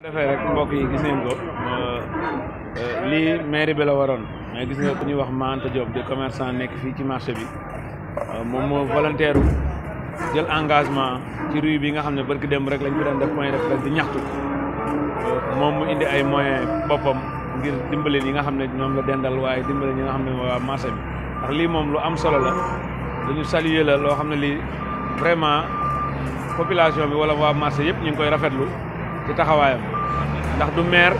defee rek mbokk yi gis ngeen ko euh, lii mairie bi la waroon mais gis nga ku ñuy wax Mante Diop de commerçant nekk fii ci marché bi euh, moom moo volontaire jël engagement ci rue bi nga xam ne barki dem rek lañ ko doon def point de presse di ñaxtu euh, moom mu indi ay moyens boppam ngir dimbali yi nga xam ne ñoom la dendal waaye dimbali ñi nga xam ne mooy waa marché bi ndax lii moom lu am solo la dañu saluer la loo xam ne lii vraiment population bi wala waa marché yëpp ñu ngi koy rafetlu ci taxawaayam ndax du maire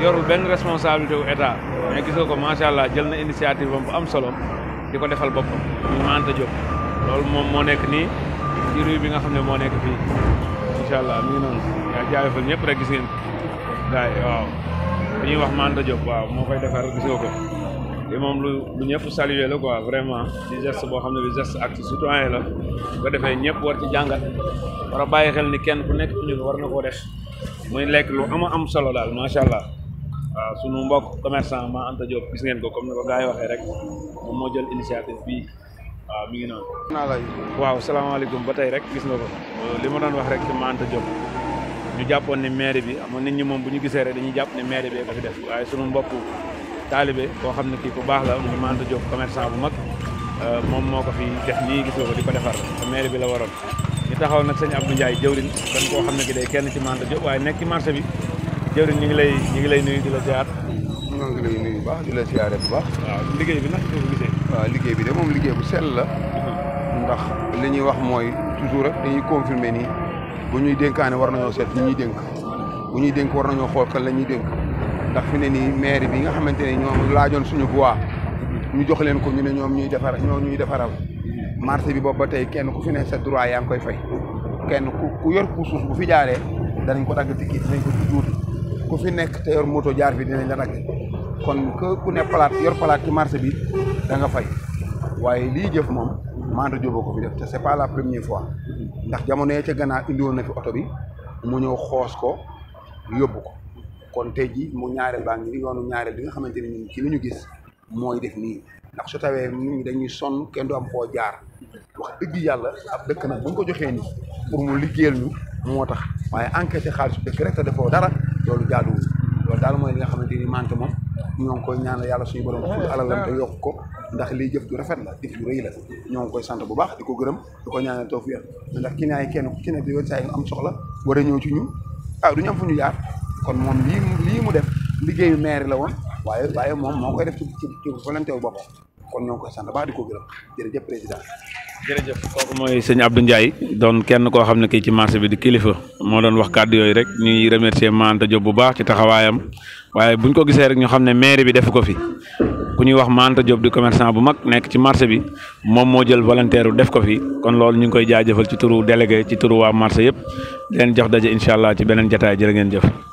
yorul benn responsabilité wu état mais gis nga ko macha allah jël na initiative am bu am solo di ko defal boppam ñu ma Anta Diop loolu moom moo nekk nii ci bi nga xam ne moo nekk fii incha allah mi ngi noonu yaa jaayfal ñëpp rek gis ngeen gars yi waaw dañuy wax ma Anta Diop waaw moo koy defar gis nga ko li moom lu lu ñëpp saluer la quoi vraiment di geste boo xam ne bi geste acte citoyen la bu ko defee ñëpp war ci jàngat war bàyyi xel ni kenn ku nekk ci war na koo def muy lekk lu ama am solo daal macha allah waaw sunu mbokk commerçant ma Anta Diop gis ngeen ko comme ni ko gars waxee rek moom moo jël initiative bi waaw mu ngi noonu. waaw salaamaaleykum ba tey rek gis nga euh, li ma doon wax rek ci ma Anta Diop ñu jàppoon ne maire bi amoon nit ñi moom bu ñu gisee rek dañuy jàpp ni maire bi ko fi def waaye sunu mbokk taalibe koo xam ne kii ku baax la muy ma Anta Diop commerçant bu mag euh, moom moo ko fi def nii gis nga ko di ko defar maire bi la waroon. ñu taxaw nag sëñ Abdou Ndiaye jëwrin dañ koo xam ne ki day kenn ci manta Diop waaye nekk ci marché bi jëwrin ñu ngi lay ñu ngi lay nuyu di la ziar maa ngi lay nuyu baax di la ziare bu baax liggéey bi nag ko gisee liggéey bi de moom liggéey bu sell la mm-hmm. ndax li ñuy wax mooy toujours rek dañuy confirmer nii bu ñuy dénkaane war nañoo seet ñi ñuy dénk bu ñuy dénk war nañoo xool kan la ñuy dénk ndax fi ne nii maire bi nga xamante ne ñoom laajoon suñu voix ñu jox leen ko ñu ne ñoom ñuy defar ñoo ñuy defaral marché bi boobu ba tey kenn ku fi ne sa droit yaa ngi koy fay kenn ku ku yor ku suuf bu fi jaaree danañ ko dagg tikki dinañ ko juuti ku fi nekk te yor moto jaar fi dinañ la dagg kon ku ne yor palaat ci marché bi da nga fay waaye lii jëf moom Manta Diop ko fi def te c'est pas la première fois ndax jamono yee ca gannaaw indiwoon na fi oto bi mu ñëw xoos ko yóbbu ko kon tey ji mu ñaareel baa ngi yoonu ñaareel bi nga xamante ni ñun ci li ñu gis mooy def nii ndax su tawee nit ñi dañuy sonn kenn du am foo jaar wax dëgg yàlla ab dëkk na bu ñu ko joxee nii pour mu liggéeyal ñu moo tax waaye enquête xaalis dëkk rek te defoo dara loolu jaaduwul loolu daal mooy li nga xamante ni manqué moom ñoo ngi koy yàlla suñu borom ful alalam te ko ndax lii jëf rafet la ñoo ngi koy sant bu baax di ko gërëm di ko ñaanal tawfiq ndax ki naay kenn ku ci ne di yoon saa yi am soxla war a ñëw ci ñu ah du ñu am fu ñu yaar kon moom lii lii mu def liggéeyu maire la woon waaye waaye moom moo koy def ci ci ci volonté boppam kon ñoo ngi koy sant baax ko mooy sëñ Abdou Ndiaye doon kenn koo xam ne kii ci marché bi di kilifa moo doon wax kàddu yooyu rek ñuy remercier Maanta Diop bu baax ci taxawaayam waaye buñ ko gisee rek ñu xam ne maire bi defu ko fi ku ñuy wax Maanta Diop di commerçant bu mag nekk ci marché bi moom moo jël volontaire def ko fi kon loolu ñu ngi koy jaajëfal ci turu délégué ci turu waa marché yëpp leen jox daje incha allah ci beneen jataay jërë ngeen jëf.